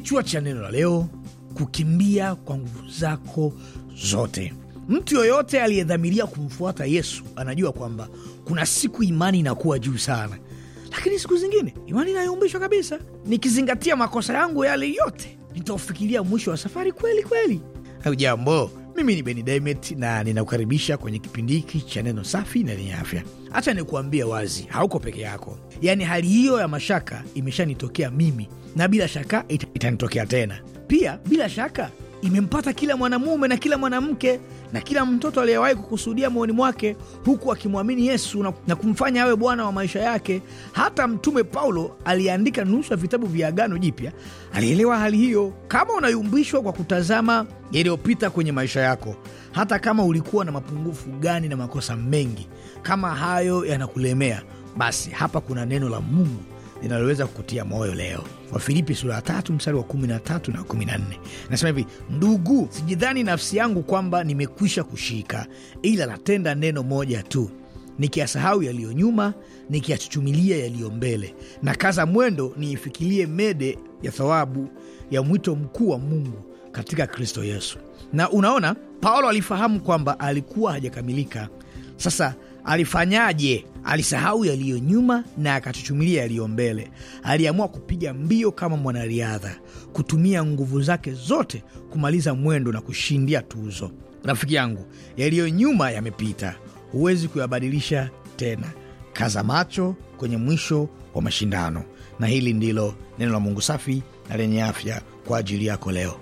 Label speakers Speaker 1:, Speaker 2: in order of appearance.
Speaker 1: Kichwa cha neno la leo: kukimbia kwa nguvu zako zote. Mtu yoyote aliyedhamiria kumfuata Yesu anajua kwamba kuna siku imani inakuwa juu sana, lakini siku zingine imani inayumbishwa kabisa. Nikizingatia makosa yangu yale yote, nitaufikiria mwisho wa safari kweli kweli. ujambo mimi ni Beni Dimet na ninakukaribisha kwenye kipindi hiki cha neno safi na lenye afya. Hacha nikuambia wazi, hauko peke yako. Yaani hali hiyo ya mashaka imeshanitokea mimi na bila shaka itanitokea tena pia, bila shaka imempata kila mwanamume na kila mwanamke na kila mtoto aliyewahi kukusudia moyoni mwake huku akimwamini Yesu na, na kumfanya awe Bwana wa maisha yake. Hata Mtume Paulo aliyeandika nusu ya vitabu vya Agano Jipya alielewa hali hiyo. Kama unayumbishwa kwa kutazama yaliyopita kwenye maisha yako, hata kama ulikuwa na mapungufu gani na makosa mengi, kama hayo yanakulemea, basi hapa kuna neno la Mungu linaloweza kukutia moyo leo. Wafilipi sura ya tatu mstari wa kumi na tatu na kumi na nne nasema hivi: ndugu, sijidhani nafsi yangu kwamba nimekwisha kushika, ila natenda neno moja tu nikiyasahau yaliyo nyuma, nikiyachuchumilia yaliyo mbele, na kaza mwendo niifikilie mede ya thawabu ya mwito mkuu wa Mungu katika Kristo Yesu. Na unaona, Paulo alifahamu kwamba alikuwa hajakamilika sasa alifanyaje? Alisahau yaliyo nyuma na akatuchumilia yaliyo mbele. Aliamua kupiga mbio kama mwanariadha, kutumia nguvu zake zote kumaliza mwendo na kushindia tuzo. Rafiki yangu, yaliyo nyuma yamepita, huwezi kuyabadilisha tena. Kaza macho kwenye mwisho wa mashindano. Na hili ndilo neno la Mungu safi na lenye afya kwa ajili yako leo.